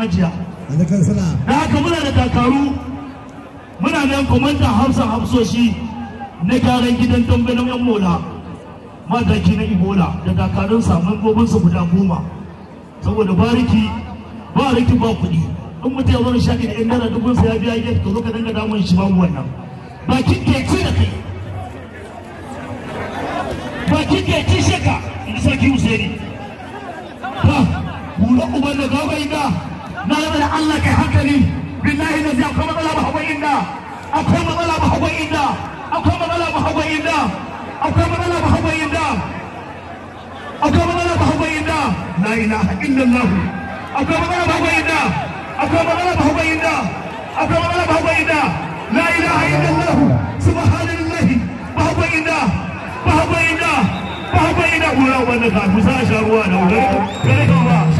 majiya da haka muna da takaru muna nan komanta hamsin hamsoshi na gyaran gidan dambe yan mola mataki na ibola da gobin su guda goma saboda bariki bariki ba kuɗi in mutum ya zama shaƙi da yan naira dubun sa ya biya gate ka zo ka dinga damun shi babu wannan bakin keke da kai ke ci shaka in sarki husaini ta hula uban da gaba inda na da Allah kai hankali billahi na akwai matsala ba hawa inda akwai matsala ba hawa inda ilaha illallah akwai matsala ba hawa inda akwai matsala ba ilaha illallah subhanallah ba hawa inda ba hawa inda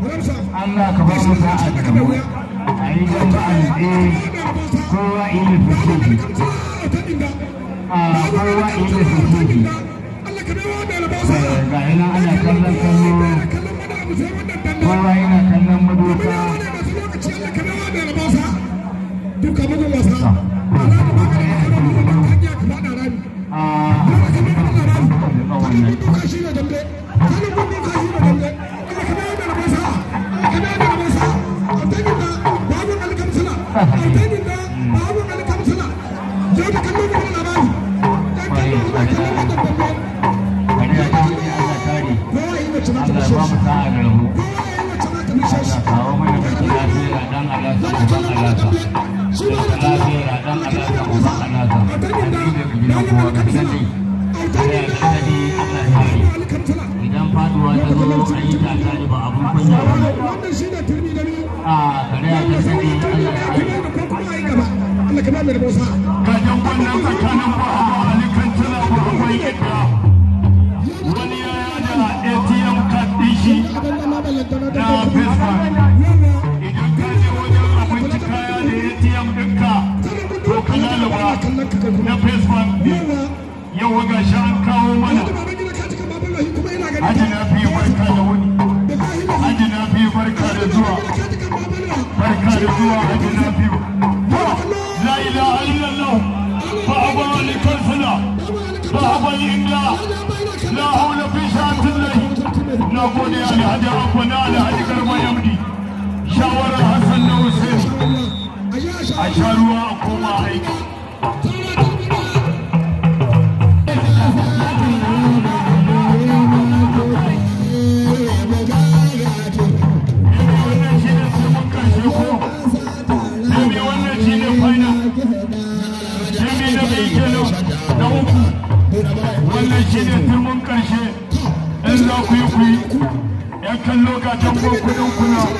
Allah ka ba mu da mu. Ayi, yi gaba kowa in yi fuskoki kowa in yi fuskoki ga ina ana kallon kallo kowa yana kallon madoka duka bugun wasa kamar da musa ga dangon nan tsakanin ba ali kantila ba akwai yadda wani ya yada atm ka din na da facebook idan ka je wajen abinci kaya da atm ɗinka to ka lalaba na facebook yau ga shi an kawo mana Ajina fi barka da wuni, Ajina fi barka da zuwa, barka da zuwa Ajina fi لا إله إلا الله فأبى لكلفنا فأبى إلا لا حول في شأن الله نقول يا لهدي ربنا لهدي قرب يمدي شاور الحسن وسيم أشاروا أقوم عليكم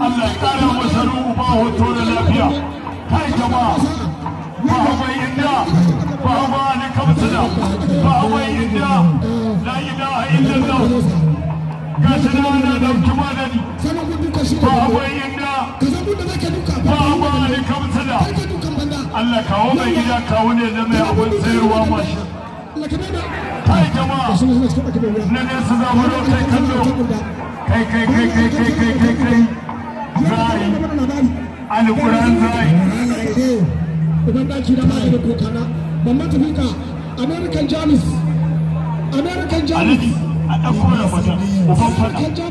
Allah ya ƙara masa ruhu ba hoto da lafiya kai jama'a ba mai inda ba hawa ne kamsuna ba habai inda la ilaha illallah ga sanana da na da ni ba habai inda ba hawa kamsuna Allah kawo mai gida kawo ne da mai abin sayarwa mashi kai jama'a na nesa zamuro kai kallo kai kai kai kai kai kai kai zai american american a ɗauko da fata uban fata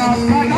Come on, come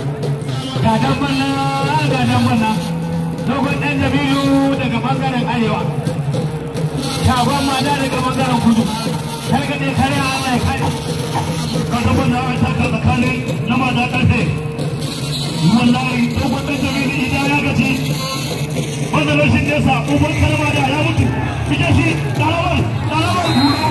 ga dan banna ga dan banna dogon dan daga bangaren arewa shagon mata daga bangaren kudu kai ga dai kare Allah ya kare ka dan banna an saka tsakanin na mata karfe wallahi dogon dan jabiru idan ya gaci wannan rashin nesa uban karma da ya mutu fice shi ɗalawar ɗalawar